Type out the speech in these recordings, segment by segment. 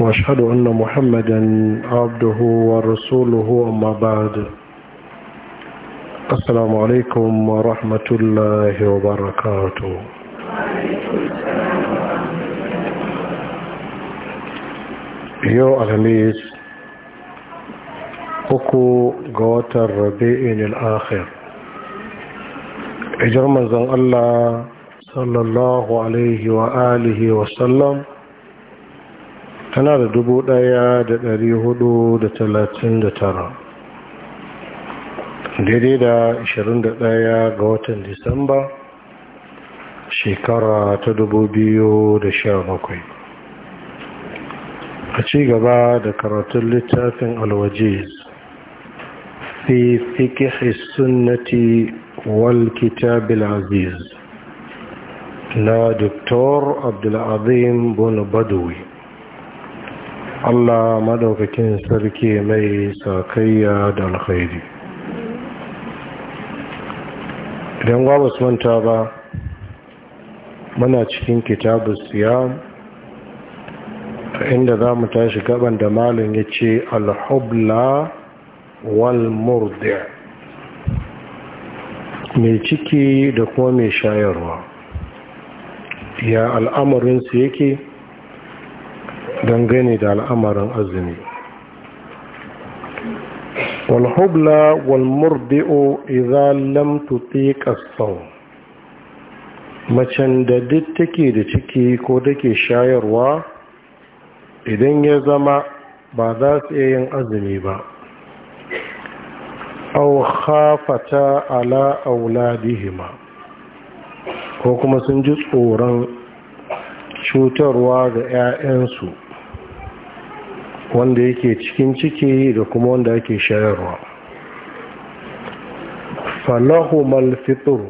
واشهد ان محمدا عبده ورسوله اما بعد السلام عليكم ورحمه الله وبركاته يو الهميس اكو غوات الربيع الاخر اجر من الله صلى الله عليه واله وسلم tana da dubu ɗaya da dari hudu da talatin da tara daidai da ashirin da ɗaya ga watan disamba shekara ta dubu biyu da sha bakwai a ci gaba da karatun littafin alwajiz fi fikihi sunnati wal kitabil aziz na doktor abdulazim bono badawi Allah madaukakin sarki mai sakayya da alkhairi idan ba su manta ba muna cikin kitabu siyam inda za mu tashi gaban da malin ya ce alhubla wal mai ciki da kuma mai shayarwa ya al'amarinsu yake dangane da al'amarin azumi walhubla walmurdi'o idan lam tutiƙa macen da duk take da ciki ko take shayarwa idan ya zama ba za su iya yin azumi ba au khafata ala auladihima ko kuma sun ji tsoron cutarwa ga 'ya'yansu wanda yake cikin ciki da kuma wanda yake shayarwa falahu malfitur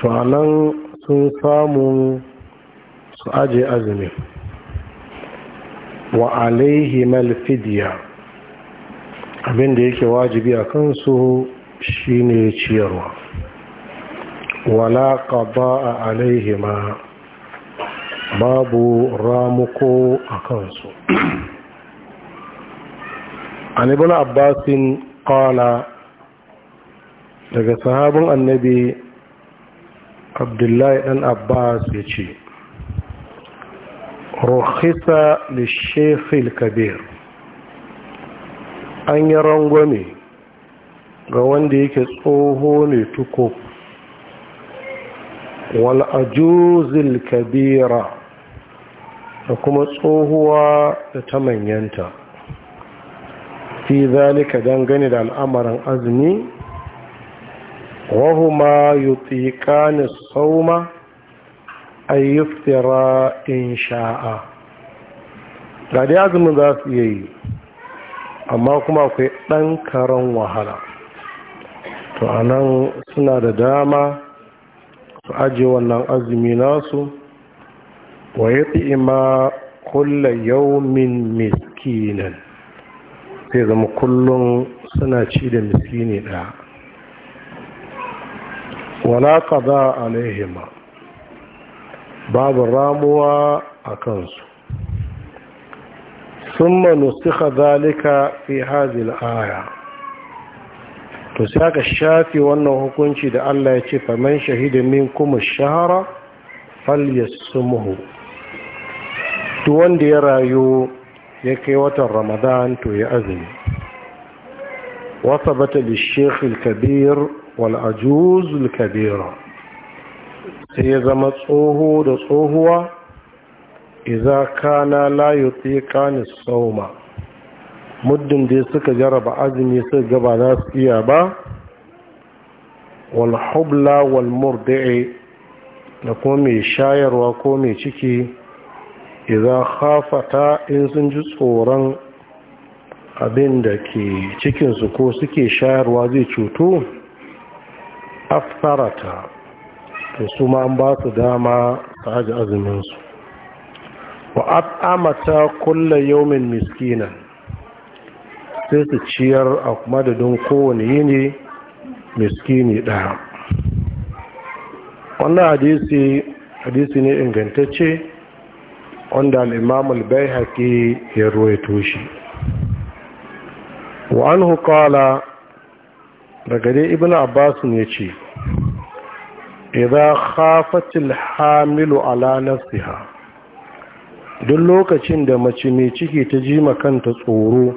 to anan sun samu su aje azumi wa alaihi malfidiya abinda yake wajibi a kansu shine ciyarwa wala qada alaihima babu ramuko a kansu an ibn abbasin qala daga sahabin annabi abdullahi dan abbas ya ce rukhisa lishefil kabir an yi rangwame ga wanda yake tsoho ne tuko wal ajuzil kabira da kuma tsohuwa da ta manyanta fi zalika dangane da al'amarin azumi wahuma yutiqani sauma ay yuftira in sha'a ga dai azumin za su yi amma kuma akwai ɗan karan wahala to anan suna da dama su ajiye wannan azumi nasu wa yati ima kulla yaumin miskinan sai zama kullum suna ci da miskini ɗaya wala kaza alaihima babu ramuwa a kansu sun suka zalika fi hazil aya to sai aka shafi wannan hukunci da Allah ya ce faman shahidin min kuma shahara falyasumuhu duk wanda ya rayu ya kai watan ramadan to ya azumi wasabata da shekul kabir wal'ajuzul kabira sai ya zama tsoho da tsohuwa iza kana layu tsikani sauma muddin da suka jaraba azumi sai gaba za su iya ba Walhubla, hubla wal murdi'i da kuma mai shayarwa ko mai ciki iza khafata in sun ji tsoron abin da ke cikinsu ko suke shayarwa zai cuto aftarata to su ma an ba su dama ta haji azuminsu wa at'amata kulla yaumin miskina sai su ciyar a madadin kowane yini miskini ɗaya wannan hadisi hadisi ne ingantacce wanda al'imam albai haƙi ya ruwaito shi wa an hukala daga dai ibn abbasun ya ce idan hafatil hamilu ala nasiha duk lokacin da mace mai ciki ta ji makanta tsoro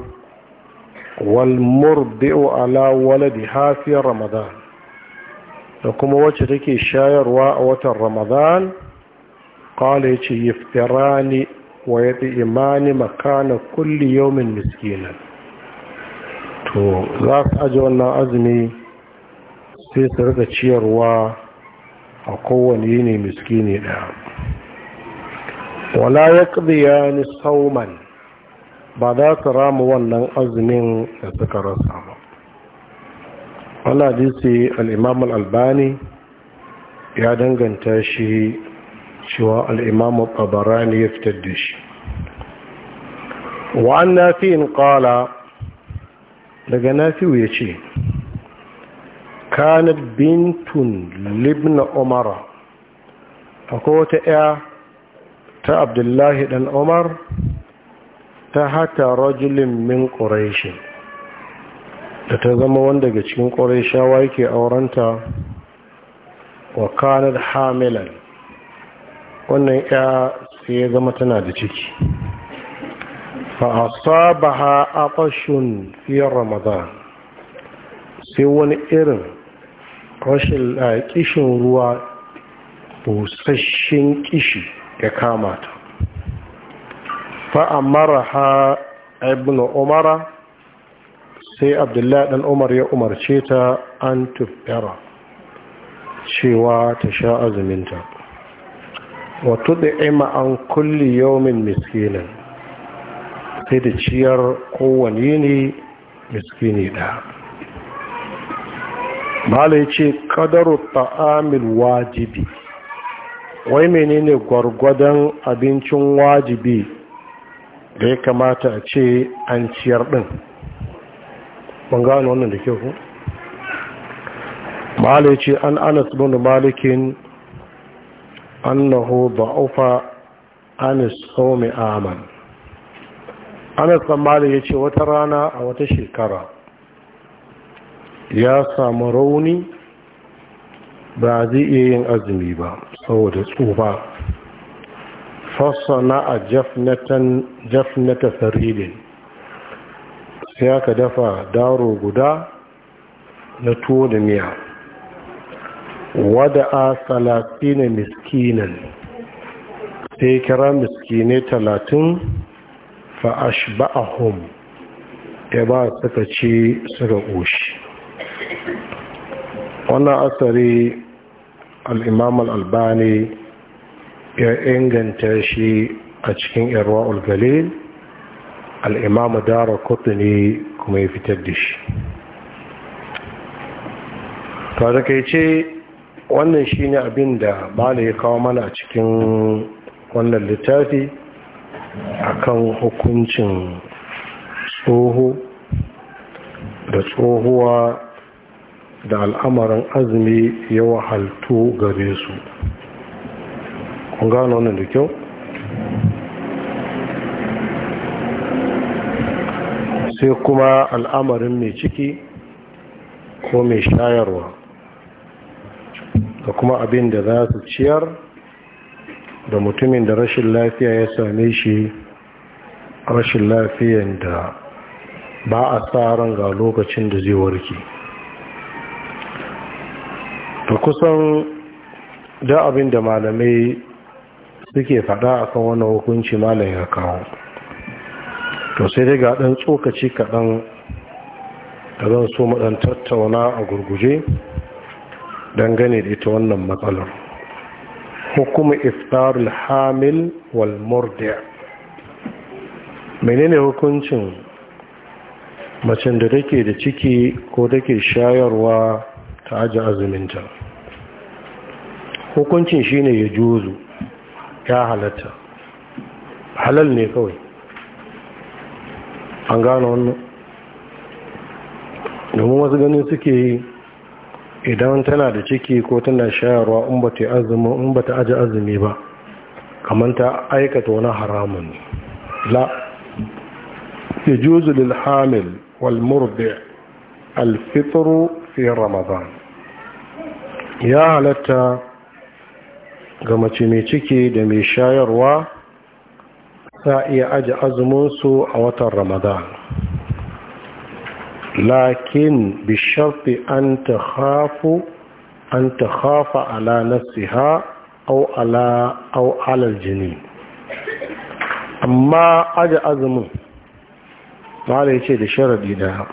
walmurdi'u ala waladi hafiyar ramadan da kuma wacce take shayarwa a watan ramadan ya ce yace yaftirani wa yat'imani makana kulli yawmin miskinan to za su aje wannan azumi sai su rika ciyarwa a kowane yini miskini ɗaya wala ya ƙidiya ni sauman ba za su rama wannan azumin da suka rasa ba wani hadisi al'imam al'albani ya danganta shi cewa al'imamu ne ya fitar da shi wa'an nafi'in ƙala daga nafi'u ya ce kanar bintun libna umara akwai wata ‘ya ta abdullahi ɗan umar ta hata rajulin min ƙuraishi da ta zama wanda daga cikin ƙuraishawa yake aurenta wa kanar hamilan wannan ya sai ya zama tana da ciki fa'asabaha aqashun fi ramadan sai wani irin rashin kishin ruwa busasshen kishi ya kama ta ha Ibnu umara sai abdullahi dan umar ya umarce ta an tufera cewa ta sha azuminta wato da ima an kulli yawmin miskinin sai da ciyar kowane ne miskini da mala ya ce kadaru ta'amil wajibi wai menene gwargwadon abincin wajibi da ya kamata a ce an ciyar din ban gano wannan da kyau mala ya ce an anas bin malikin annahu da'ufa anis saumi aman anas tsammali ya ce wata rana a wata shekara ya samu rauni ba zai iya yin azumi ba saboda tsufa fassana a jafnata faridin sai aka dafa daro guda na tuwo da miya wada'a salatina miskinan sai kira miskine talatin fa'ashba'ahum ya ba suka ce suka ƙoshi wannan asari al'imam al'albani ya inganta shi a cikin irwa ulgalil al'imam dara kotu ne kuma ya fitar da shi ta da kai ce wannan shi ne abin da bala ya kawo mana a cikin wannan littafi akan hukuncin tsoho da tsohuwa da al'amarin azumi ya wahaltu gare su kun gano wannan da kyau sai kuma al'amarin mai ciki ko mai shayarwa da kuma abin da za su ciyar da mutumin da rashin lafiya ya same shi rashin lafiyan da ba a tsaron ga lokacin da zai warke da kusan da abin da malamai suke fada kan wani hukunci malam ya kawo to sai dai ga ɗan tsokaci kaɗan da zan so mu dan tattauna a gurguje dangane da ita wannan matsalar hukumar iftarul hamil wal murdiya menene hukuncin macen da take da ciki ko take shayarwa ta aji azuminta hukuncin shine ya juzu ya halatta halal ne kawai an gano wannan domin wasu ganin suke idan tana da ciki ko tana shayarwa in ba ta aji azumi ba kamar ta aikata wani haramun la yajuzu lil hamil wal murbe al fi ramadan ya halatta ga mace mai ciki da mai shayarwa za a iya aji azumin su a watan ramadan lakin bi sharti an ta hafu ala nasiha au au alal jini amma aji azumin mala ya ce da sharadi daya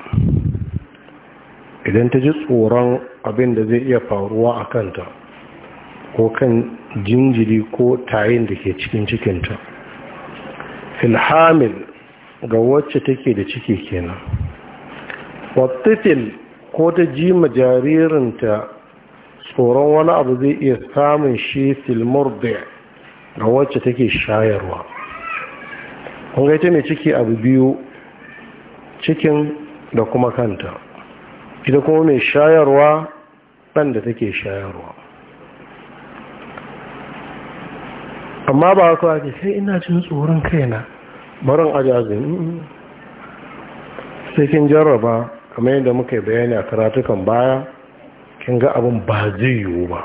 idan ta ji tsoron abin da zai iya faruwa a kanta ko kan jinjiri ko tayin da ke cikin cikinta ilhamil ga wacce take da ciki kenan wattifil ko ta ji ma jaririnta tsoron wani abu zai iya samun shi filmur da ga wacce take shayarwa kun ita mai ciki abu biyu cikin da kuma kanta ita kuma mai shayarwa ɗan da take shayarwa amma ba haka ake sai ina cin tsoron kaina barin ajazin sai kin jarraba kamar yadda muka yi bayani a karatukan baya kin ga abin ba zai yiwu ba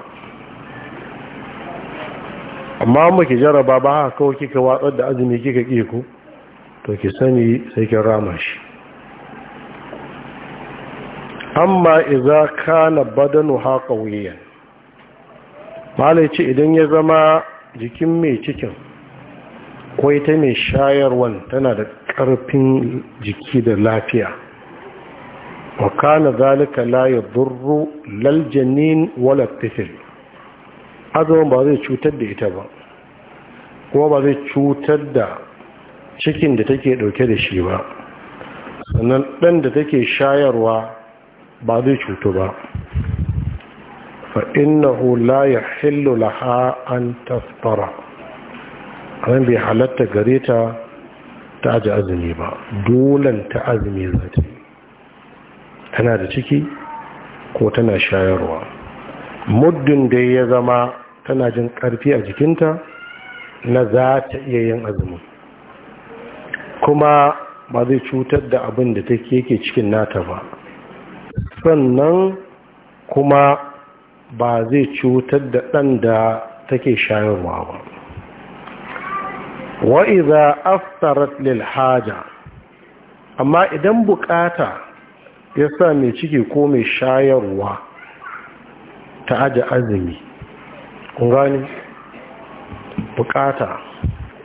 amma ke jaraba ba haka kawai kika watsar da azumi kika ƙi ku to ki sani sai kin rama shi amma iza kana badanu ha qawiyan malai ce idan ya zama jikin mai cikin kwai ta mai shayarwan tana da ƙarfin jiki da lafiya wa kana zalika la yadurru lal janin wala tifl azumin ba zai cutar da ita ba kuma ba zai cutar da cikin da take dauke da shi ba sannan dan da take shayarwa ba zai cuto ba fa innahu la yahillu laha an an bai halatta gareta ta ta azumi ba dolan ta azumi zata tana da ciki ko tana shayarwa muddin da ya zama tana jin ƙarfi a jikinta na za ta iya yin azumi kuma ba zai cutar da abin da take yake cikin nata ba sannan kuma ba zai cutar da ɗan da take shayarwa ba wa'iza aftarat lil haja amma idan bukata ya sa mai ciki ko mai shayarwa ta aji azumi ƙungani bukata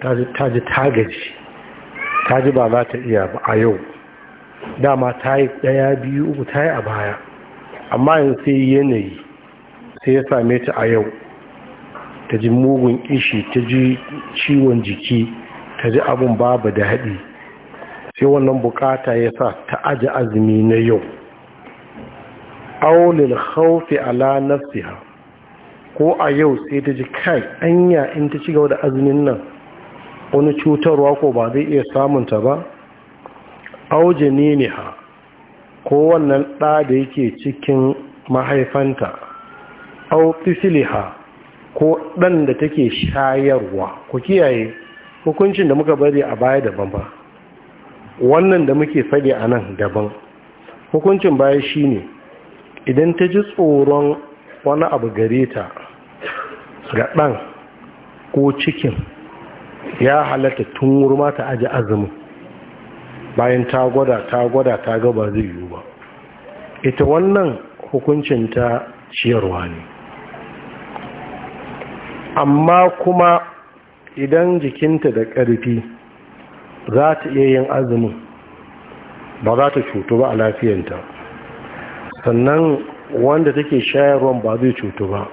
ta ji tagaji ta ji ba za ta iya ba a yau dama ta yi ɗaya biyu uku ta yi a baya amma yin sai yanayi sai ya same ta a yau ta ji mugun ishi ta ji ciwon jiki ta ji abin babu da haɗi sai wannan bukata ya sa ta aji azumi na yau aulil haufi ala nafsiha ko a yau sai ta ji kai anya in ta ci gaba da azumin nan wani cutarwa ko ba zai iya samunta ba auje ne ha ko wannan ɗa da yake cikin mahaifanta au fisiliha ko ɗan da take shayarwa ku kiyaye hukuncin da muka bari a baya daban ba wannan da muke faɗi a nan daban hukuncin baya shine idan ta ji tsoron wani abu gare ta ga ɗan ko cikin ya halatta tun wurma ta aji azumin bayan ta gwada ta gwada ta ga ba zai yiwu ba ita wannan hukuncin ta ciyarwa ne amma kuma idan jikinta da ƙarfi za ta iya yin azumin ba za ta cutu ba a lafiyanta sannan wanda take shayarwan ba zai cutu ba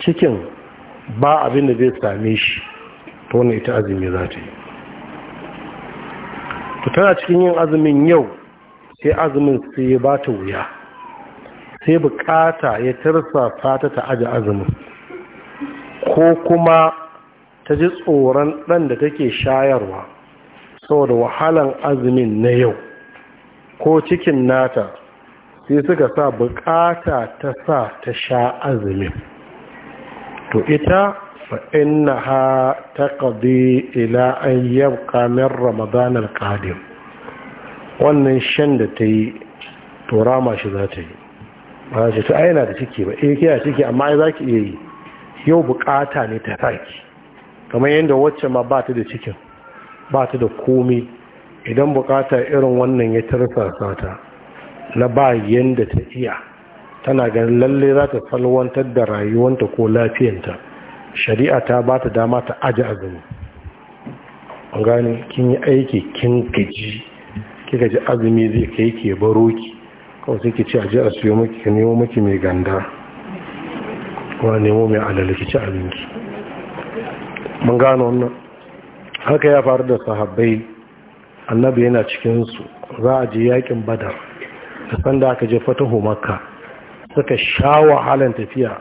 cikin ba abin da zai same shi ta wani ita azumi za ta yi to tana cikin yin azumin yau sai azumin sai ba ta wuya sai bukata ya tarsa fata ta aji azumin ko kuma ta ji tsoron ɗan da take shayarwa saboda wahalan azumin na yau ko cikin nata sai suka sa bukata ta sa ta sha azumin to ita fa ta taqdi ila an yabqa min ramadan alqadim wannan shan da ta yi to rama shi za ta yi ba ce ta aina da ciki ba eh kiya ciki amma za ki iya yi yau bukata ne ta saki kamar yadda wacce ma ba ta da cikin ba ta da komi idan bukata irin wannan ya tarsasa ta na ba yadda ta iya tana ganin lalle za ta salwantar da rayuwanta ko lafiyanta shari'a ta ba ta dama ta aji azumi an gane kin yi aiki kin gaji kika ji azumi zai kai ke baro ki kawai sai ki ci aji a suyo maki ka nemo maki mai ganda kuma nemo mai alalaki ki ci abinci mun gane wannan haka ya faru da sahabbai annabi yana cikinsu za a je yakin badar da sanda aka je fatahu makka suka sha wahalan tafiya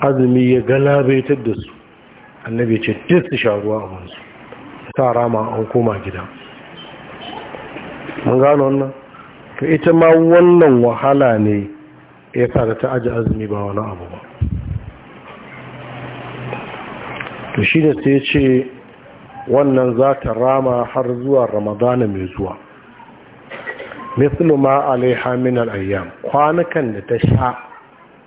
azumi ya galabaitar da su annabi ce duk su sha ruwa a wansu ta rama an koma gida mun gano wannan Ka ita ma wannan wahala ne ya sa da ta aji azumi ba wani abu ba to shi da sai ce wannan za ta rama har zuwa ramadana mai zuwa Misluma ma alaiha min al'ayyam ayyam kwanakan da ta sha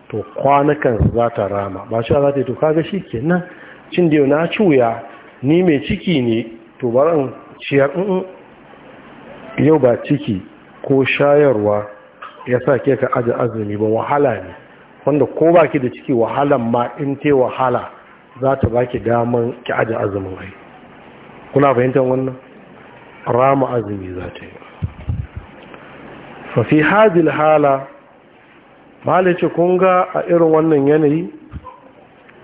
to kwanakan za ta rama ba shi za ta yi to kaga shi kenan cin da yau na cuya ni mai ciki ne to baran ciyar mm, mm. yau ba ciki ko shayarwa ya sa ke ka aji azumi ba wahala ne wanda ko baki da ciki wahalan ma in te wahala za ta baki daman ki ajiye azumin ai kuna fahimtar wannan rama azumi za ta yi fa fi hala malice kun ga a irin wannan yanayi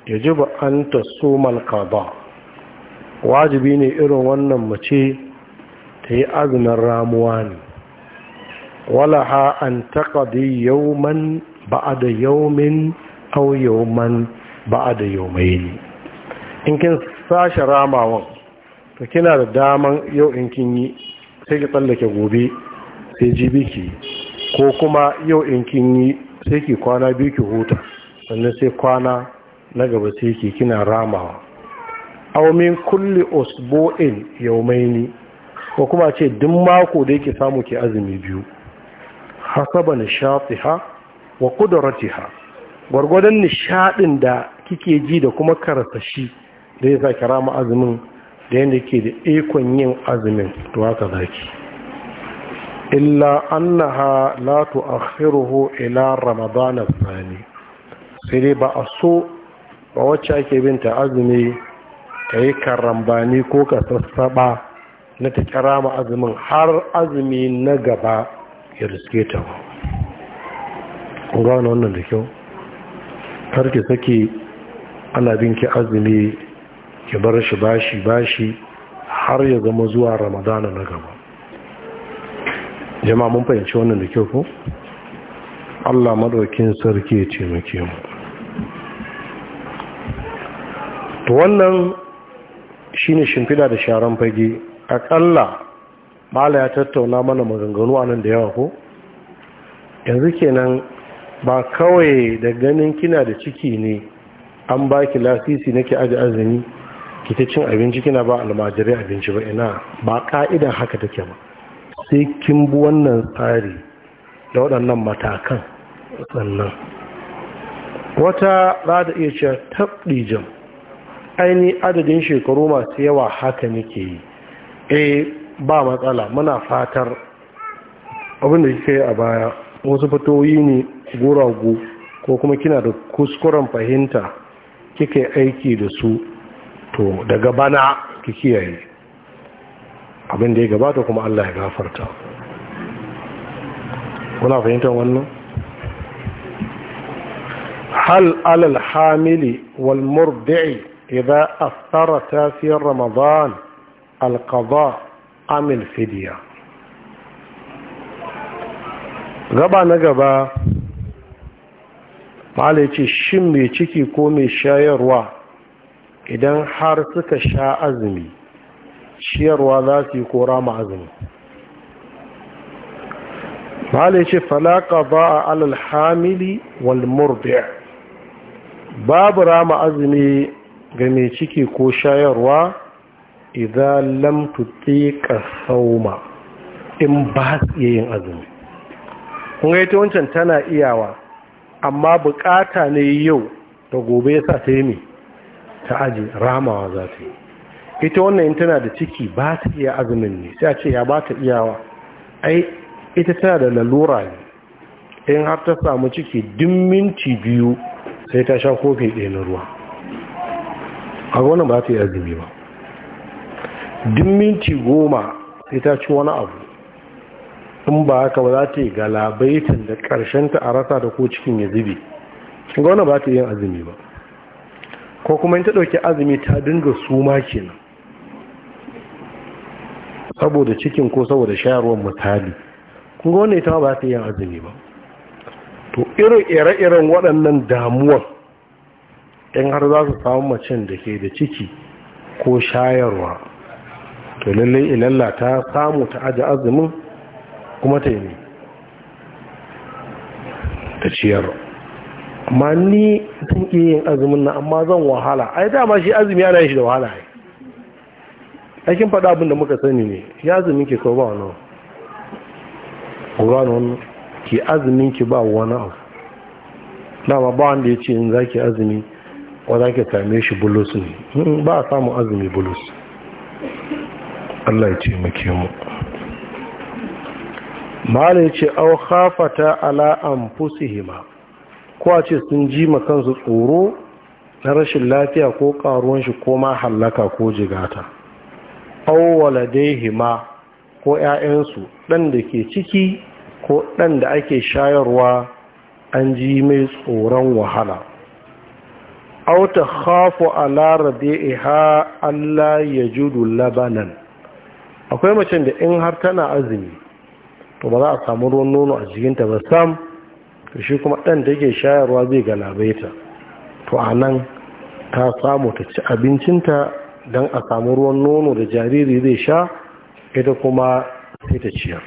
Ya ji ba an tasumal qada wajibi ne irin wannan mace ta yi azumin ramuwa ne wala ha an da yau min au yau man ba a da ne in kin sashe ramawan to kina da daman yau in kin yi sai ki tsallake gobe sai ji biki ko kuma yau in kin yi sai ki kwana biyu ki huta sannan sai kwana na gaba sai ki kina ramawa aw kulli usbu'in yawmaini ko kuma ce duk mako da yake samu ki azumi biyu hasaba nishatiha wa qudratiha gwargwadon nishadin da kike ji da kuma karsashi da ya sa kira ma azumin da yadda ke da ikon yin azumin to haka zaki illa annaha la tu'akhiruhu ila ramadan Sani. sai dai ba a so ba wacce ake bin ta azumi ta yi karambani ko ka sassaba na ta kira ma azumin har azumi na gaba ya riske ta ku gano wannan da kyau karki sake ana ki azumi ki bar shi bashi bashi har ya zama zuwa ramadana na gaba jama mun fahimci wannan da kyau ko allah maɗaukin sarki ya taimake mu to wannan shine shimfida da sharan fage akalla mala ya tattauna mana maganganu a nan da yawa ko yanzu kenan ba kawai da ganin kina da ciki ne an ba ki lasisi nake aji azumi ki ta cin abinci kina ba almajirai abinci ba ina ba ka'idan haka take ba sai kin bi wannan tsari da waɗannan matakan sannan wata za ta iya cewa jam aini adadin shekaru masu yawa haka nake yi eh ba matsala muna fatar abinda kika yi a baya wasu fatoyi ne guragu ko kuma kina da kuskuren fahimta kika aiki da su to daga bana ki kiyaye abin da ya gabata kuma Allah ya gafarta kuna fahimtar wannan hal alal hamili wal murdi'i idza aftara tafiyar ramadan al qada amil gaba na gaba mala ce shin mai ciki ko mai shayarwa idan har suka sha azumi ciyarwa za su yi kora ma azumi mala ce falaka ba a alal hamili wal babu rama azumi ga mai ciki ko shayarwa idan lam ka sauma in ba su yin azumi Kunga ga ita wancan tana iyawa amma bukata ne yau da gobe ya sa ta yi ne ta aji ramawa za ta yi ita wannan yin tana da ciki ba ta iya azumin ne sai a ce ya ba ta iyawa ai ita tana da lalura ne in har ta samu ciki din minti biyu sai ta sha kofi ɗaya na ruwa a wannan ba ta yi azumi ba din minti goma sai ta ci wani abu in ba haka ba za ta yi galabaitin da ƙarshen ta a rasa da ko cikin ya zube kin wani ba ta yin azumi ba ko kuma in ta ɗauki azumi ta dinga suma kenan saboda cikin ko saboda shayarwar misali kun ga ita ba ta yin azumi ba to irin ire-iren waɗannan damuwar in har za su samu macen da ke da ciki ko shayarwa to lallai ilalla ta samu ta aji azumin kuma ta yi ta ciyar ma ni sun iya yin azumin na amma zan wahala ai dama shi azumi ana shi da wahala ya aikin faɗa abin da muka sani ne ya azumin ke kawo ba wani ƙuranu wani ke azumin ki ba wani abu dama ba wanda ya ce in za ki azumi wa za ki same shi bulus ne hmm, ba a samun azumi bulus Allah ya ce mu malin ce au khafata ala anfusihima ko a ce sun ji kansu tsoro na rashin lafiya ko karuwan shi ko ma hallaka ko jigata au hima ko 'ya'yansu ɗan da ke ciki ko ɗan da ake shayarwa an ji mai tsoron wahala au ta khafu ala rabi'iha Allah ya judu labanan akwai macen da in har tana azumi to ba za a samu ruwan nono a jikinta ba sam to shi kuma ɗan da yake shayarwa zai galabaita to a nan ta samu ta ci abincinta don a samu ruwan nono da jariri zai sha ita kuma sai ta ciyar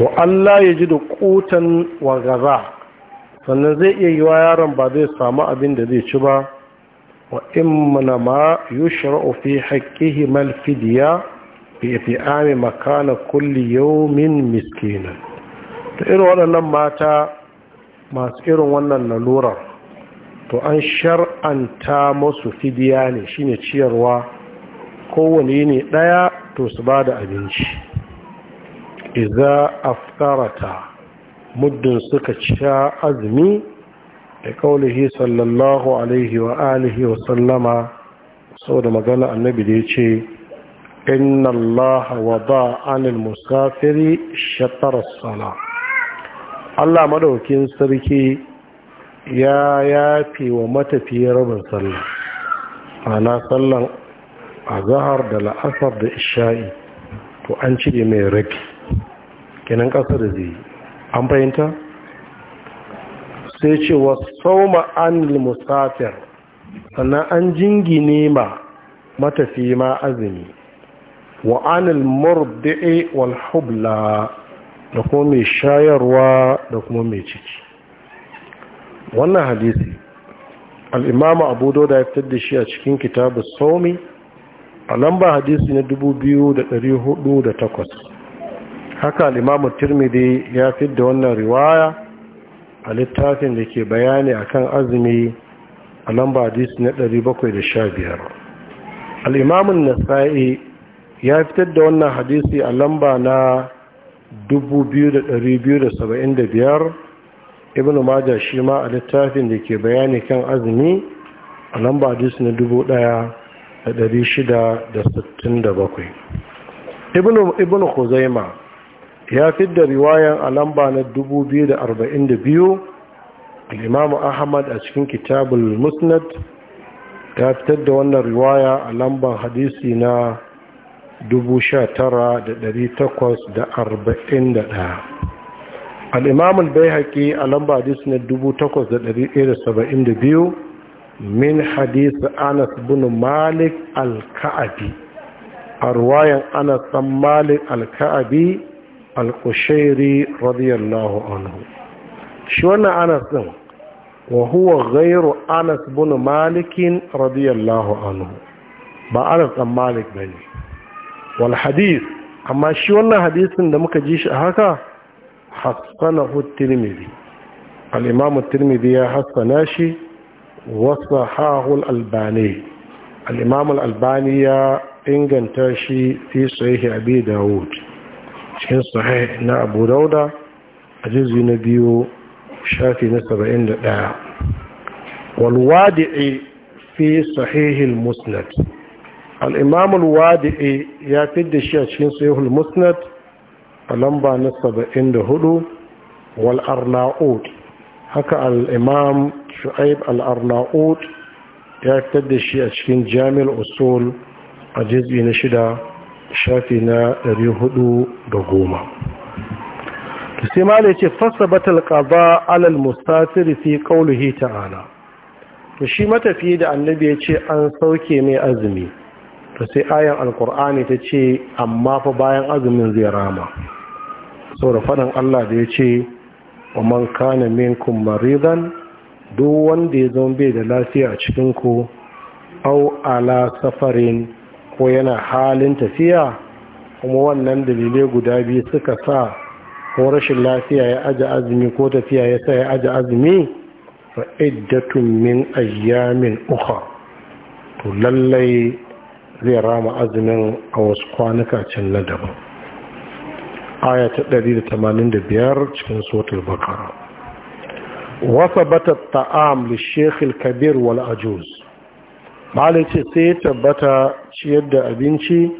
wa Allah ya ji da kutan wa gaza sannan zai iya yi wa yaron ba zai samu abin da zai ci ba wa imma ma yushra'u fi haqqihi mal bi it'ami makana kulli yawmin miskinan to irin waɗannan mata masu irin wannan nalurar, to an shar'anta masu fidiya ne shine ciyarwa kowane yini ɗaya to su ba da abinci iza aftarata muddin suka cika azumi da kaulihi sallallahu alaihi wa alihi wa sallama sau da magana annabi da yace. إن الله وضع عن المسافر شطر الصلاة الله مدوكين سركي يا يافي ومتفي رب صلى أنا صلى أظهر دل أثر دل to an cire mai rabi kenan ƙasar da zai an fahimta sai ce wa sauma an musafir sannan an jingine ma matafi ma azumi wa anil murdi'i wal hubla da kuma mai shayarwa da kuma mai ciki wannan hadisi al'imama abu da ya fitar da shi a cikin kitabu saumi a lamba hadisi na 2408 haka al'imama turmidi ya fitar da wannan riwaya a littafin da ke bayani akan azumi a lamba hadisi na 715 al'imamun nasa'i ya fitar da wannan hadisi a lamba na 2275 ibn Maja shi ma a littafin da ke bayani kan azumi a lamba hadisi na 1667 ibn Kuzaima ya fitar da riwayan a lamba na 2042 al'imamu ahmad a cikin kitabul musnad Ya fitar da wannan riwaya a lamban hadisi na 19,841 al'imamul bai haƙi a lamba hadisi na 8,172 min hadisi anas bin malik al-ka'abi a ruwayan anas ɗan malik al-ka'abi al-kushairi radiyallahu shi wannan anas ɗin wa gairu anas bin malikin radiyallahu anhu ba anas ɗan malik ne wal hadith amma shi wannan hadisin da muka ji shi a haka hassanahu tirmidhi al imam tirmidhi ya hassana shi wasu al albani al al albani ya inganta shi fi sahihi abi daud cikin sahih na abu dauda a na biyu shafi na saba'in da ɗaya, walwadi'i fi sahihil musnad al'imamul wadi'i ya da shi a cikin sahihul musnad a lamba na 74 wal arnaud haka al'imam shu'aib al'arnaud ya fitar da shi a cikin jami'ar usul a jizbi na shida shafi na 410 sai ma da ce fasabatal qada alal mustafir fi qawlihi ta'ala to shi matafiyi da annabi ya ce an sauke mai azumi to sai ayan alkur'ani ta ce amma fa bayan azumin zai rama saboda faɗin allah da ya ce wa man kana minkum maridan duk wanda ya zama bai da lafiya a cikinku au ala safarin ko yana halin tafiya kuma wannan dalilai guda biyu suka sa ko rashin lafiya ya aji azumi ko tafiya ya sa ya aji azumi fa iddatun min ayyamin uka, to lallai zai rama azumin a wasu kwanuka can na daban aya ta 185 cikin sotar bakara wasa bata ta'am li shekhil kabir wal ajuz ce sai ya tabbata ciyar da abinci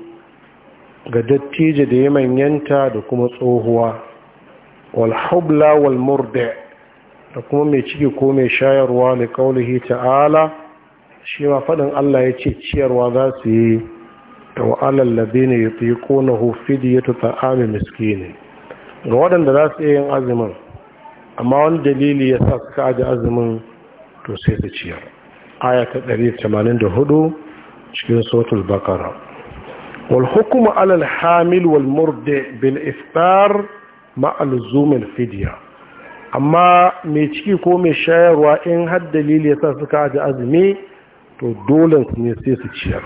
ga dattijo da ya manyanta da kuma tsohuwa wal hubla wal murda da kuma mai ciki ko mai shayarwa mai kaulihi ta'ala shi ma faɗin Allah ya ce ciyarwa za su yi da wa'alar labini ya fi kona hufidi ya tuta ami ne. ga waɗanda za su iya yin azumin amma wani dalili ya sa suka aji azumin to sai su ciyar aya ta 184 cikin sotul bakara wal hukuma alal hamil wal murde bil iftar ma'al zumin fidiya amma mai ciki ko mai shayarwa in har dalili ya sa suka aji azumi to dole ne sai su ciyar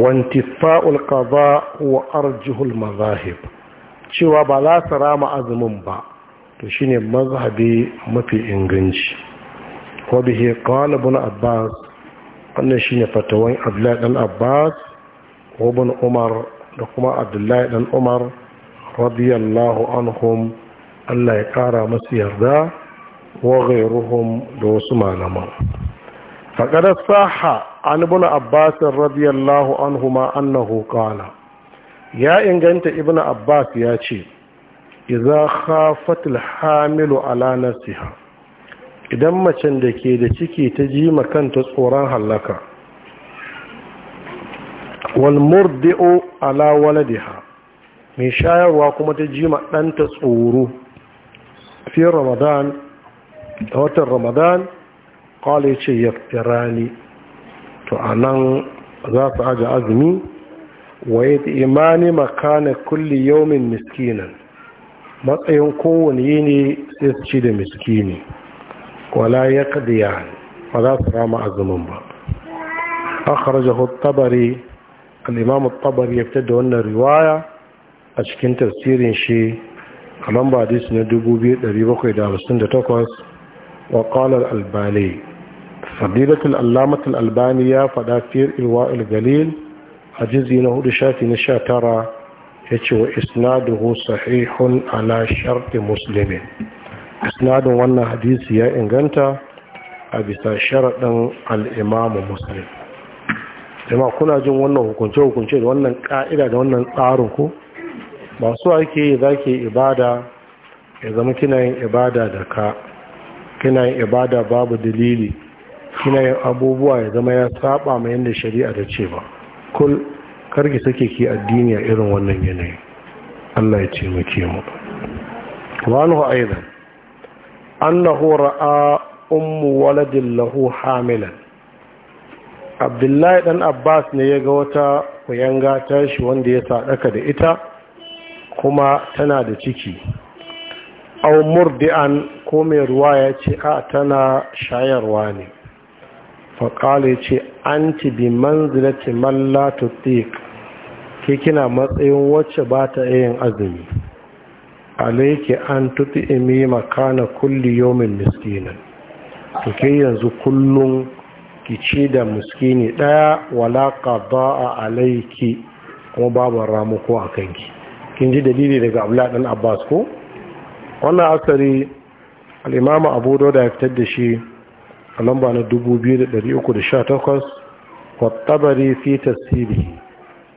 wantifa'ul ba wa arjihul mazahib cewa ba za su rama azumin ba to shine mazhabi mafi inganci wa bihi qala na abbas wannan ne fatawan abdullahi dan abbas wa umar da kuma abdullahi dan umar radiyallahu anhum Allah ya kara masu yarda wa ghayruhum da wasu malaman فقد صح عن ابن عباس رضي الله عنهما annahu, قال يا إن كنت ابن عباس يا شيخ iza khafat hamilu ala nafsiha idan macen da ke da ciki ta ji kanta tsoron halaka wal murdi'u ala waladiha mai shayarwa kuma ta ji ɗanta tsoro fi ramadan a watan ramadan ya yace yaftirani to nan za su aje azumi wa imani makana kulli yawmin miskinan matsayin kowane yini sai su ci da miskini wala yaqdiya ba za su rama azumin ba akhrajahu at-tabari al tabari ya fitar da wannan riwaya a cikin tafsirin shi a lamba hadis na 2758 wa qala fadilatul allamatul albani ya faɗa fiyar irwa galil a jizi na hudu shafi na sha tara ya ce wa isnaduhu sahihun ala sharti muslimin isnadin wannan hadisi ya inganta a bisa sharaɗin al'imamu muslim jama kuna jin wannan hukunce-hukunce da wannan ka'ida, da wannan tsarin ku Masu su ake yi za ke ibada ya zama kina yin ibada babu dalili kina yin abubuwa ya zama ya saba ma yadda shari'a ta ce ba kul karki sake ki addini a irin wannan yanayi Allah ya ce muke mu wani hu aidan annahu ra'a ummu waladin lahu hamilan abdullahi dan abbas ne ya ga wata kuyanga ta shi wanda ya sadaka da ita kuma tana da ciki au murdi'an ko mai ruwa ya ce a tana shayarwa ne faƙala ya ce an ci bi manzilati malla tuttik ke kina matsayin wacce ba ta yin azumi alaiki an tuti imi makana kulli yomin miskinin to ke yanzu kullum ki ci da miskini ɗaya wala a alaiki kuma babu ko a kanki kin ji dalili daga abla dan abbas ko wannan asari al'imama abu da ya fitar da shi a lamba na 2318 wattabari fi tasiri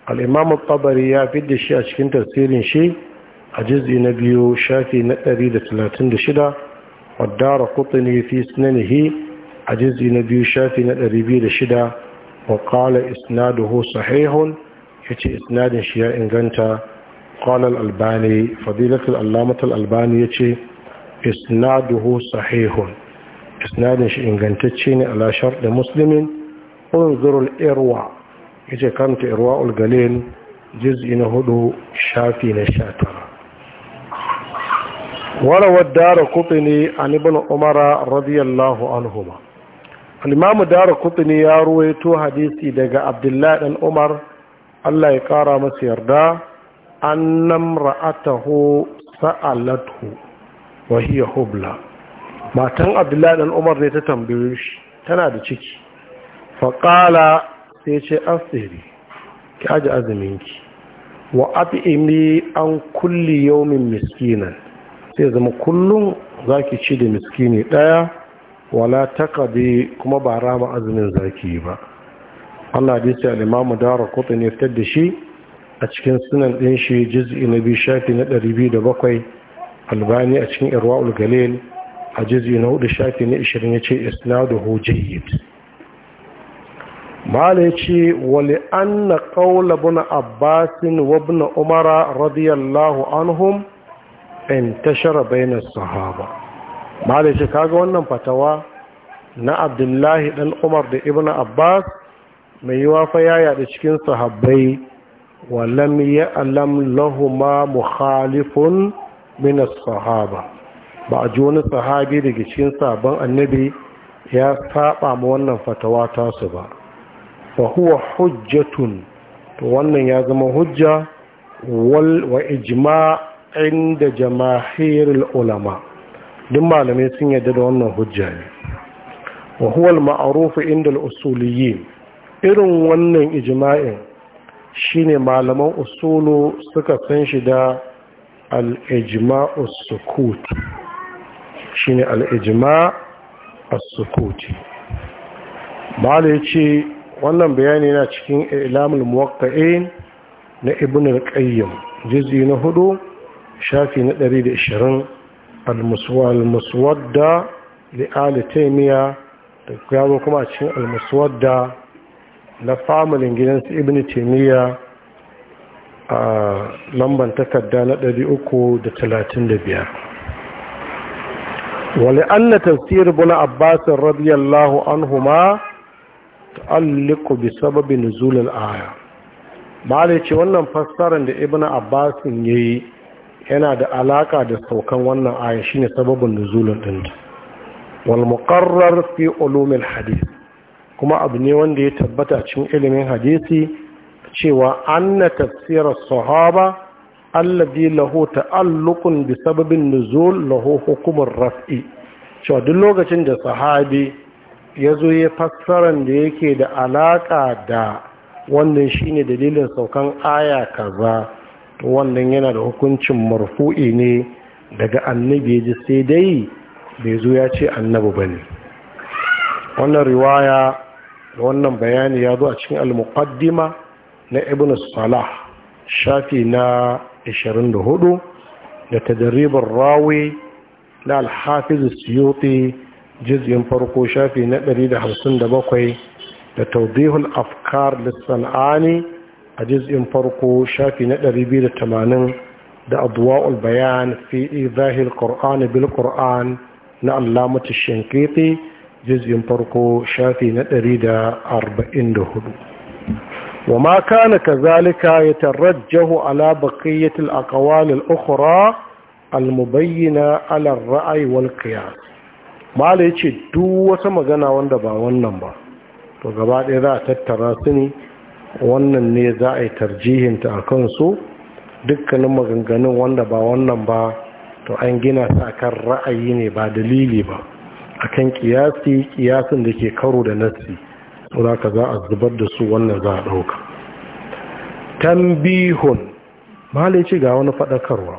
al'imamu tabari ya fi da shi a cikin tasirin shi a jizi na biyu shafi na 136 wadara kutuni fi sinanihi a jizi na biyu shafi na 206 ce isnadin shi ya inganta شيا albani, Fadilatar الألباني albani ya ce Isnadu Ho sahihun isnadin shi ingantacce ne ala da muslimin unzurul irwa ya ce ta irwa ulgalin jiz'i na hudu shafi na sha tara wadda dara Kufi ne a nibin umara radiyallahu anhuma alimamu dara Kufi ne ya ruwaito hadisi daga abdullahi ɗan umar allah ya kara masa yarda an namra'atahu sa'alatu wa hiya hubla matan abdullahi dan umar ne ta tambaye shi tana da ciki faƙala sai ce an tsere, ki aji azuminki wa imi an kulli yaumin miskinan sai zama kullum za ki ci da miskini ɗaya, wala taqdi kuma ba rama azumin zaki ba Allah da yace da imam Darqutni ne fitar da shi a cikin sunan ɗin shi juz'i na biyu shafi na bakwai Albani a cikin Irwaul ulgalil a jizi na hudu shafi na ishirin ya ce isnaduhu jayyid mala ya ce an na qawla Buna abbasin wa umara radiyallahu anhum in intashara bayna sahaba mala ya ce kaga wannan fatawa na abdullahi dan umar da ibn abbas mai yi wafa ya yada cikin sahabbai wa lam ya'lam lahuma mukhalifun min minas sahaba ba a ji wani sahabi daga cikin sabon annabi ya saba ma wannan fatawa su ba fa huwa hujjatun to wannan ya zama hujja wal wa ijma inda jamahirul ulama duk malamai sun yarda da wannan hujja ne wa huwa al ma'ruf inda al usuliyyin irin wannan ijma'in shine malaman usulu suka san shi da al as sukut shine al'ijima a sukuti da ya ce wannan bayani na cikin ilamul muwakka'in na ibn al-qayyim jizi na hudu shafi na 120 al musuwadda li ali da kuma kuma cikin al musuwadda na familin gidansu ibn taimiya a lamban takarda na 335 tafsir buna abbas radiyallahu anhuma الله bi تعلق nuzul al-aya bale ce wannan fassarar da ibn abbas yayi yana da alaka da saukan wannan aya shine sababin nuzul din wal muqarrar fi al hadith kuma abu ne wanda ya tabbata cikin ilimin hadisi cewa anna tafsirar sahaba allazi lahu ta'alluqun bi sababin nuzul lahu hukumur raf'i cewa duk lokacin da sahabi ya zo ya fassaran da yake da alaka da wannan shine dalilin saukan aya kaza to wannan yana da hukuncin marfu'i ne daga annabi ji sai dai bai zo ya ce annabi bane wannan riwaya da wannan bayani ya zo a cikin al-muqaddima na ibn salah shafi na 24 da tadarribin rawi na alhafizu siyoti jizgin farko shafi na 157 da taudihul afkar lissan'ani a jizgin farko shafi na 280 da abuwa'ul bayan fi zahir ƙor'an bil ƙor'an na allamatu shinkiti jizgin farko shafi na 144 wa ma kana kazalika ya ala baqiyatil aqwal al ukhra al mubayyana ala ar ra'i wal qiyas mala yace duk wata magana wanda ba wannan ba to gaba ɗaya za a tattara su ne wannan ne za a yi tarjihinta a kansu dukkanin maganganun wanda ba wannan ba to an gina su akan ra'ayi ne ba dalili ba akan kiyasi kiyasin da ke karo da nassi za ka za a zubar da su wannan za a ɗauka tambihun malici ga wani faɗakarwa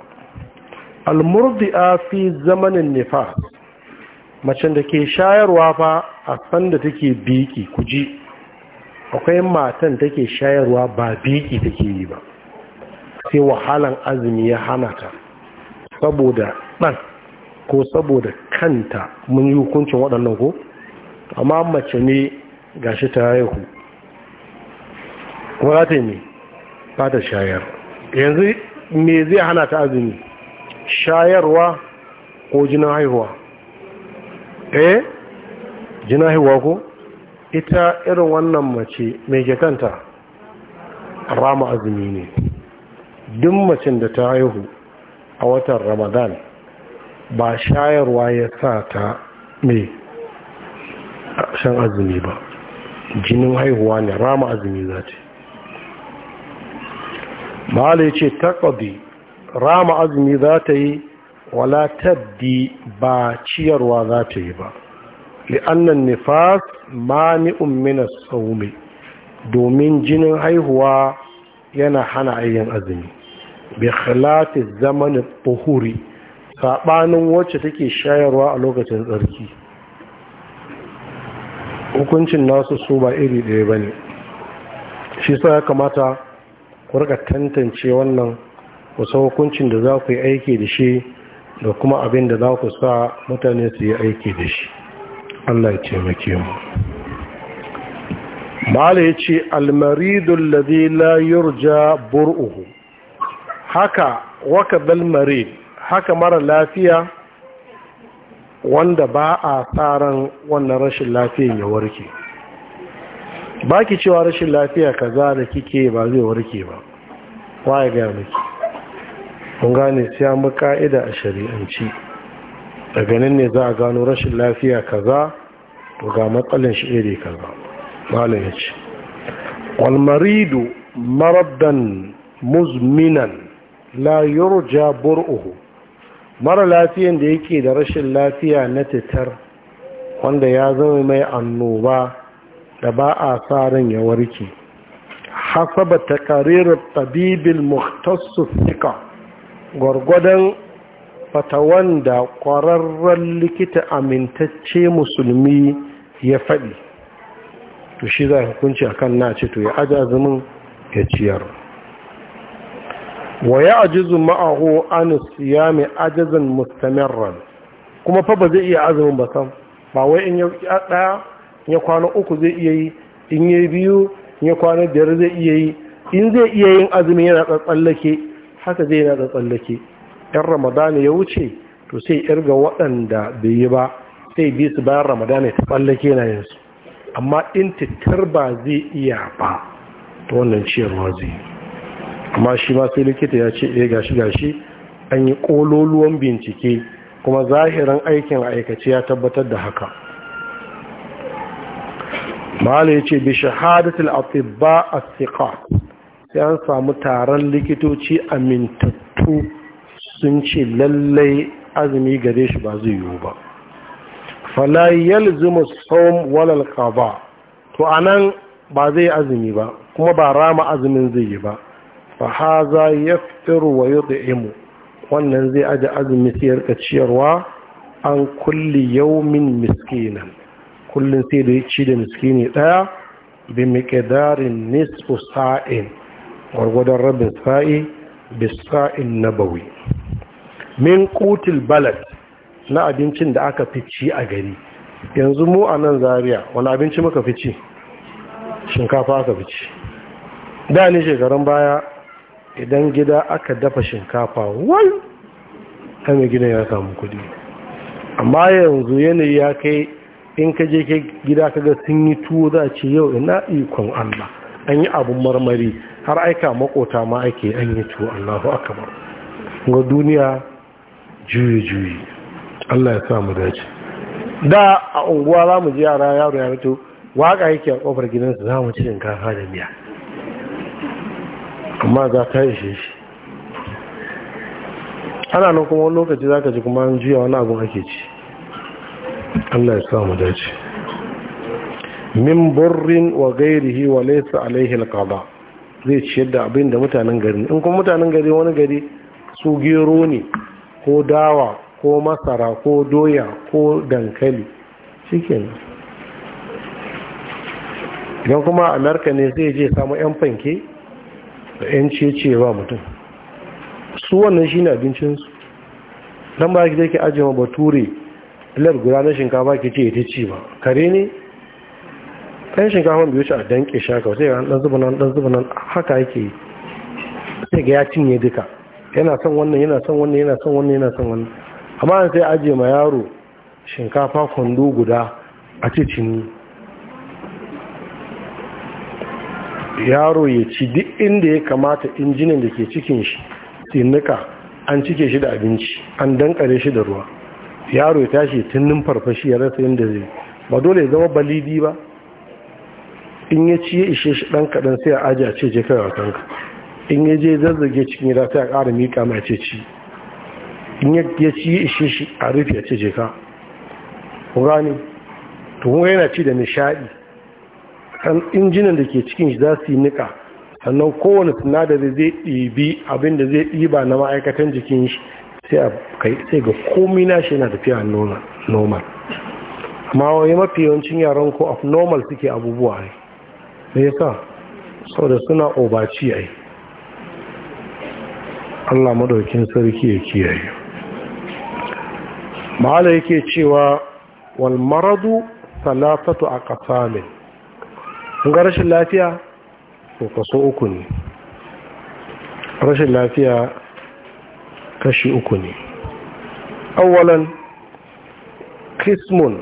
a fi zamanin nifa macen da ke shayarwa fa a sanda take biki kuji akwai matan take shayarwa ba biki take yi ba sai wahalan azumi ya hana ta saboda ɗan ko saboda kanta mun yi hukuncin waɗannan ko amma mace ne gashi ta haihu kuma ta yi ne ba ta shayar yanzu me zai hana ta azumi shayarwa ko jina haihuwa eh jina haihuwa ko ita irin wannan mace mai ke rama azumi ne duk macin da ta haihu a watan ramadan ba shayarwa ya sa ta mai shan azumi ba jinin haihuwa ne rama azumi za ta mahala ce takwabi rama azumi za ta yi wala ba ciyarwa za ta yi ba li'annan nifas mani'un minas tsaumi domin jinin haihuwa yana hana ayyan azumi bi khilati zamanin buhuri saɓanin wacce take shayarwa a lokacin tsarki hukuncin nasu su ba iri ɗaya ba ne shi sa ya kamata ku rika tantance wannan kusa hukuncin da za ku yi aiki da shi da kuma abin da za ku sa mutane su yi aiki da shi Allah ya taimake mu mala ya ce almaridun lade layur ja bur'uhu haka waka dalmarid haka mara lafiya wanda ba a tsaron wannan rashin lafiyan ya warke ba ki cewa rashin lafiya kaza da kike ba zai warke ba wa ya gaya miki kun gane sai an bi ka'ida a shari'anci daga nan ne za a gano rashin lafiya kaza to ga matsalin shi iri kaza malam ya ce walmaridu Marabdan muzminan la yurja bur'uhu mara lafiyan da yake da rashin lafiya na titar wanda ya zama mai annoba da ba a sa ran ya warke hasaba ta tabibin muhtassu fika gwargwadon fatawan da kwararren likita amintacce musulmi ya faɗi to shi za hukunci akan na ce to ya ajazumin ya ciyar wa ya'jizu ma'ahu an siyami ajazan mustamirran kuma fa ba zai iya azumin ba sam ba wai in ya in ya kwana uku zai iya yi in ya biyu ya kwana biyar zai iya yi in zai iya yin azumi yana tsallake haka zai yana tsallake yan Ramadani ya wuce to sai irga waɗanda bai yi ba sai bi su bayan ramadani ta tsallake na yanzu amma in titar ba zai iya ba ta wannan ciyarwa zai yi amma shi ma sai likita ya ce ya eh, gashi gashi an yi kololuwan bincike kuma zahirin aikin aikace ya tabbatar da haka mahala ya ce bi shahadatul atibba a siqat sai an samu taron likitoci amintattu sun ce lallai azumi gare shi ba zai yiwu ba fala yalzimu sawm walal ba to anan ba zai azumi ba kuma ba rama azumin zai yi ba fa ya fitar wa yud'imu wannan zai ajiye azumi sai ya ciyarwa an kulli yaumin miskinan kullum sai da ya ci da miskini daya bi miqdarin nisfu sa'in gwargwadon rabin sa'i bi sa'in bawi min kutil balad na abincin da aka fi ci a gari yanzu mu a nan zaria wani abinci muka fici shinkafa aka fici da ne shekarun baya idan gida aka dafa shinkafa wal kame gidan ya samu kudi amma yanzu yanayi ya kai in ka je ke gida kaga sun yi tuwo za ce yau ina ikon Allah an yi abun marmari har aika makota ma ake an yi tuwo Allahu akbar ga duniya juye juye Allah ya sa dace da a unguwa za mu ji yara yaro ya fito waƙa yake a kofar gidansu za mu ci shinkafa da miya amma ga ta ishe shi ana nan kuma wani lokaci za ka ji kuma an juya wani abin ake ci allah ya samu dace min burrin wa gairihi wa laisa alaihi alqada zai ciyar da abin da mutanen gari in kuma mutanen gari wani gari su gero ne ko dawa ko masara ko doya ko dankali cikin idan kuma amerika ne zai je samu yan fanke da 'yan cece ba mutum su wannan shi ne abincinsu don ba ki take ajiye bature lar guda na shinkafa ke ce ita ci ba kare ne ɗan shinkafa biyo wuce a danke shaka sai ga ɗan zuba nan ɗan zuba nan haka yake sai ga ya cinye duka yana son wannan yana son wannan yana son wannan yana son wannan amma sai ajiye ma yaro shinkafa kwando guda a ce cinye yaro ya ci duk inda ya kamata injinin da ke cikin shi tsinuka an cike shi da abinci an dankare shi da ruwa yaro ya tashi tunnin farfashi ya rasa yadda zai ba dole ya zama balidi ba in ya ci ya ishe shi ɗan kaɗan sai a aji a ce je kai kanka, in ya je zazzage cikin gida sai a ƙara miƙa mai ce ci in ya ci ya ishe shi a rufe a ce je ka ku gani to kuma yana ci da nishaɗi kan injinan da ke cikin shi za su yi nika sannan kowane sinadari zai ɗibi abin da zai ɗiba na ma'aikatan jikin shi sai ga komi na shi yana tafiya normal amma wani mafi yawancin yaran ko of normal suke abubuwa ne me yasa da suna obaci ai Allah madaukin sarki ya kiyaye ma'ala yake cewa wal maradu a kasalin ga rashin lafiya ko kaso uku ne rashin lafiya kashi uku ne awalan kismun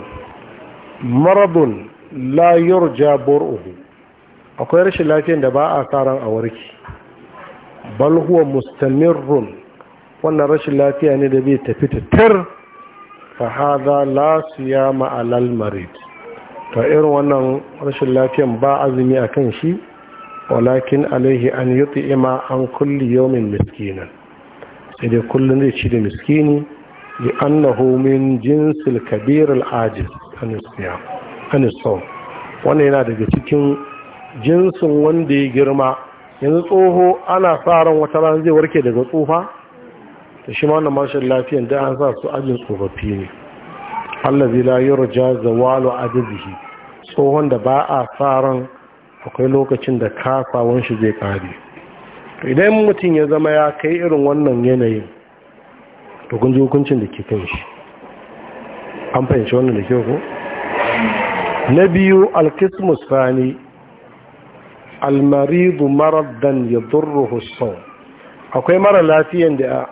maradun layar jabor uku akwai rashin lafiyan da ba a tsaron a warki Balhuwa Mustamirun wannan rashin lafiya ne da bai tafi tattar fahada lasu la ma'alal marid ta irin wannan rashin lafiyan ba azumi a kan shi walakin alaihi an yi ima an kulli yomin miskinan sai dai kullum zai ci da miskini an na homin jinsil kabir al'ajiz anisau wannan yana daga cikin jinsin wanda ya girma yanzu tsoho ana sa ran wata ranar zai warke daga tsofa, ta shi ma wannan mashin lafiyan da an sa su ajin tsofaffi ne allazi la yurja zawalu ajizihi tsohon da ba a faran akwai lokacin da kafawan shi zai kare idan mutum ya zama ya kai irin wannan yanayin to kun ji hukuncin da ke kan shi an fahimci wannan da ke ko na biyu alkismus sani almaridu dan ya durruhu husson akwai mara lafiyan da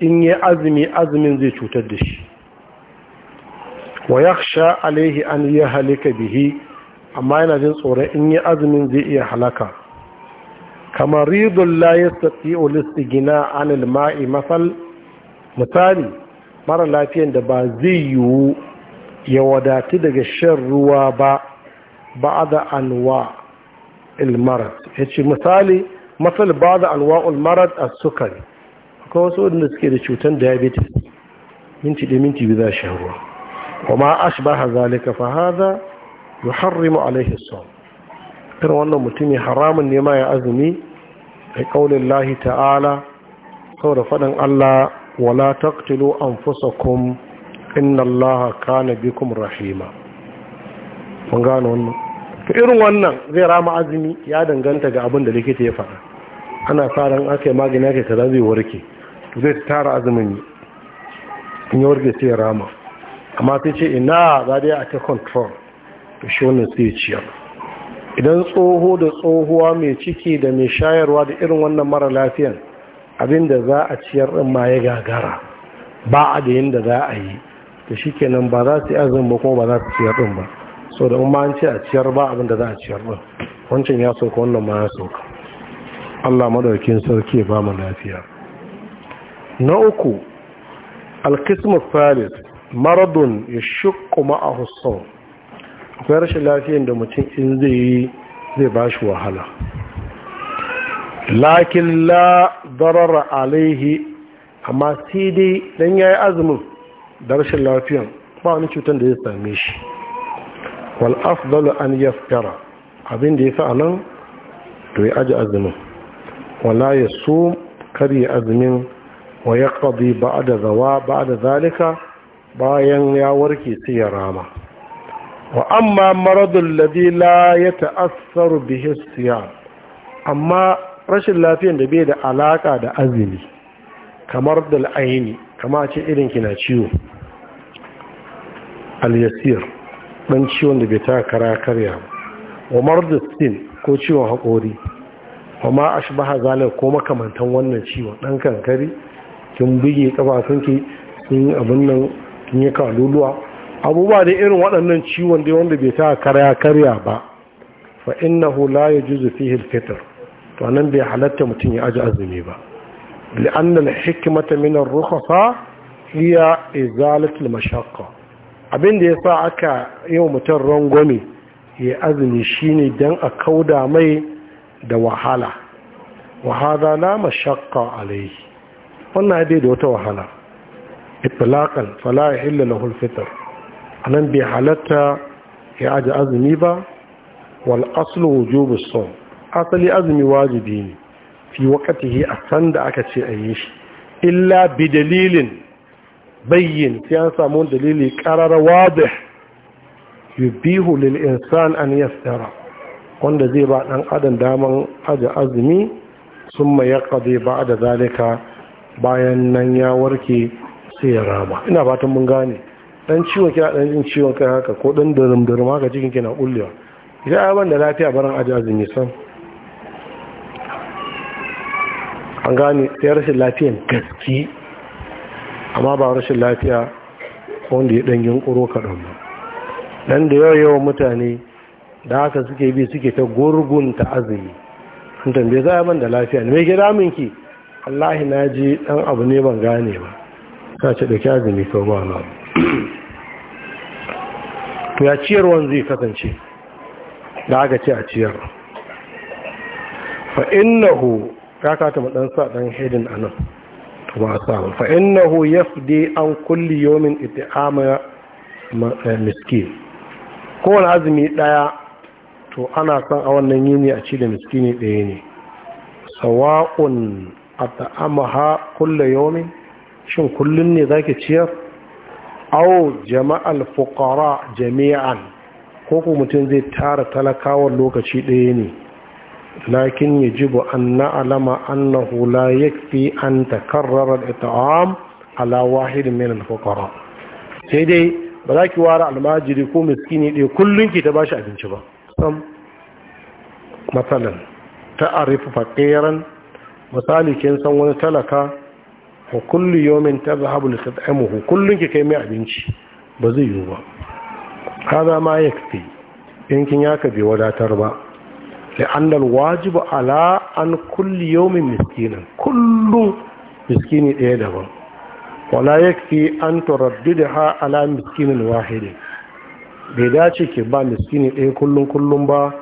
in yi azumi azumin zai cutar da shi wa sha alaihi an halika bihi amma yana jin tsoron in yi azumin zai iya halaka kamar ridun la yastati'u gina anil ma'i, masal misali mara lafiyan da ba zai yiwu ya wadatu daga shan ruwa ba ba da anwa ilmarat ya ce misali masal ba da anwa ilmarat a sukari akwai wasu wadanda suke da cutar diabetes minti da minti biyu za shan ruwa kuma ashbaha zalika fa hadha yuharrimu alaihi as-sawm irin wannan mutumi haramun ne ma ya azumi da kaulin lahi ta'ala saboda faɗin Allah wala taqtulu anfusakum inna Allah kana bikum rahima mun gano wannan irin wannan zai rama azumi ya danganta ga abin da likita ya faɗa ana faran aka yi magani aka kaza zai warke zai tara azumin in ya warke sai rama amma sai ce ina za da ya ake control to shi wannan sai ciyar idan tsoho da tsohuwa mai ciki da mai shayarwa da irin wannan mara lafiyan abinda za a ciyar din ma ya gagara ba a da yin da za a yi da shi kenan ba za su yi azin ba kuma ba za su ciyar din ba so da umma an ce a ciyar ba abinda za a ciyar din wancan ya sauka wannan ma ya sauka Allah madaukin sarki ba mu lafiya na uku alkismus salis maradun ya shukku a hussau akwai rashin lafiyan da mutum in zai yi zai ba shi wahala lakin la darara alaihi amma sai dai dan ya yi azumin da rashin lafiyan ba wani cutar da ya same shi wal Dalu an yaskara abin da ya sa nan to ya aji azumin wala ya so kar azumin wa ya a da zawa ba da zalika bayan ya warke sai ya rama wa amma maradun ladi ya bihi siyam amma rashin lafiyar da bai da alaka da azumi kamar da al'aini kama ce irin na ciwo al-yasir dan ciwon da bai ta kara karya wa maradun sin ko ciwon hakori, wa ma ashbaha zalika ko makamantan wannan ciwon ɗan kankari kin buge kafafunki sun abin nan kin yi kaluluwa abubuwa da irin waɗannan ciwon dai wanda bai ta karya karya ba fa inna hula ya juzu fihil fitr to nan bai halatta mutum ya aji azumi ba li'anna hikimata hikmata hikimata iya rukhsa hiya izalatu al-mashaqqa abin da sa aka wa mutum rangwame ya azumi shine dan a kauda mai da wahala wa na la mashaqqa alayhi wannan bai da wata wahala itlaqan fala yahillu lahu al-fitr anan bai halatta ya aji azumi ba wal aslu wujubu sun asali azumi wajibi ne fi wakati a san da aka ce ayi shi illa bi dalilin bayyin sai an samu dalili qarara da yubihu lil insan an yastara wanda zai ba dan adam daman aji azumi summa yaqdi ba'da zalika bayan nan ya warke sai ya rama ina fatan mun gane dan ciwon kina dan jin ciwon kai haka ko dan darum darum haka cikin kina kullewa idan abin da lafiya baran aji azumi san an gane sai rashin lafiya gaski amma ba rashin lafiya wanda ya dan yunkuro dan ba dan da yau yau mutane da haka suke bi suke ta gurgunta azumi an tambaye za a da lafiya ne me ke daminki Allah na ji dan abu ne ban gane ba ka ce da ne ko ba na to ya wanzu zai kasance da aka ce a ciyar fa'innahu ya kata maɗansa ɗan hedin a nan ba a samu fa'innahu ya fi an kulli yomin ita amaya eh, Ko kowane azumi ɗaya to ana san a wannan ne a ci da ne ɗaya ne sawa'un a ta'amaha kulle yomin shin kullum ne zaki ciyar Au jama'al fukara jami'an ko ku mutum zai tara talakawar lokaci ɗaya ne lakin bu an na hula ya yakfi an takarrara al-it'am ala wahidin min al sai dai ba za ki ware almajiri ko miskini ɗaya kullum ki ta ba shi abinci ba sam matsalan ta arifu fakiran misali kin san wani talaka wa kullu yawmin tadhhabu li tad'amuhu kullun ki kai mai abinci ba zai yiwu ba kaza ma yakfi in kin ya kabe wadatar ba la'annal wajibu ala an kulli yawmin miskinan kullu miskini ɗaya daban wala yakfi an turaddidha ala miskinin wahidin bai dace ki ba miskini ɗaya kullun kullun ba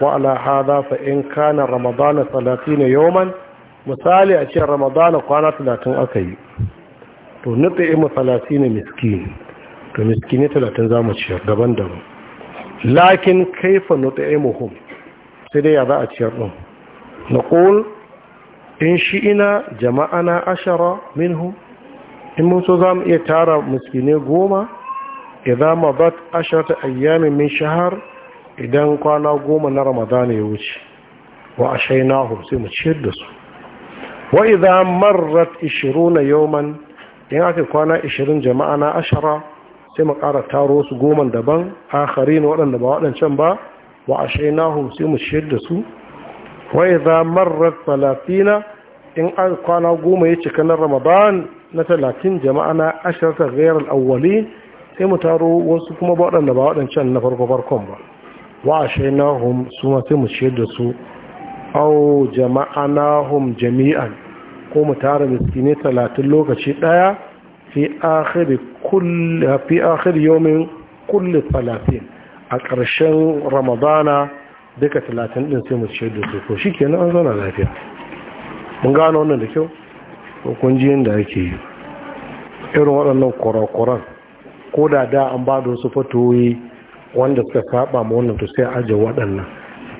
wa ala hadha fa in kana ramadana 30 yawman misali a cikin ramadana kwana talatin aka yi to nufi imu talatin miskini to miskini talatin za mu ciyar daban-daban lakin kaifa nufi imuhum sai dai ya za a ciyar ɗin na ƙul in shi ina jama'a na ashara minhu in mun so za mu iya tara miskini goma idan ashara ta ayyamin min shahar idan kwana goma na ramadana ya wuce wa ashe ashainahu sai mu ciyar da su wa idza marrat 20 yawman in aka kwana 20 jama'a na ashara sai mu ƙara taro su goma daban akharin waɗanda ba waɗancan ba wa ashaynahum sai mu shir da su wa idza marrat 30 in an kwana goma ya cika na ramadan na 30 jama'a na asharata ghayr al-awwalin sai mu taro wasu kuma waɗanda ba waɗancan na farko farkon ba wa ashaynahum su ma sai mu shir da su au hum jami'an ko mu tara miskine talatin lokaci daya fi akhir yomin kulle talatin a ƙarshen ramadana duka talatin ɗin sai mu ce su ko shi kenan an zauna lafiya mun gano wannan da kyau ji da ake yi irin waɗannan kurakuran ko da da an ba da wasu fatoyi wanda suka saba ma wannan to sai aje waɗannan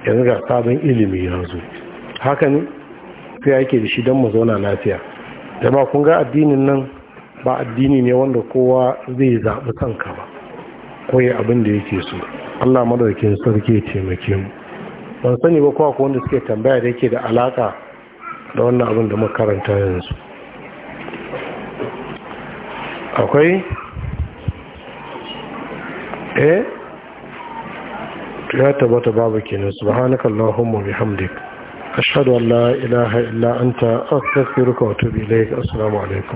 yanzu ga sabon ilimi ya zo haka ne sai yake da shi don mu zauna lafiya ba kun ga addinin nan ba addini ne wanda kowa zai zaɓi kanka ba ko yi abin da yake so allah madaukin sarki ya taimake mu ban sani ba kowa wanda suke tambaya da yake da alaka da wannan abin da makaranta yanzu akwai eh ya tabbata babu kenan subhanakallahumma bihamdik ashhadu an la ilaha illa anta astaghfiruka wa atubu ilaik assalamu alaikum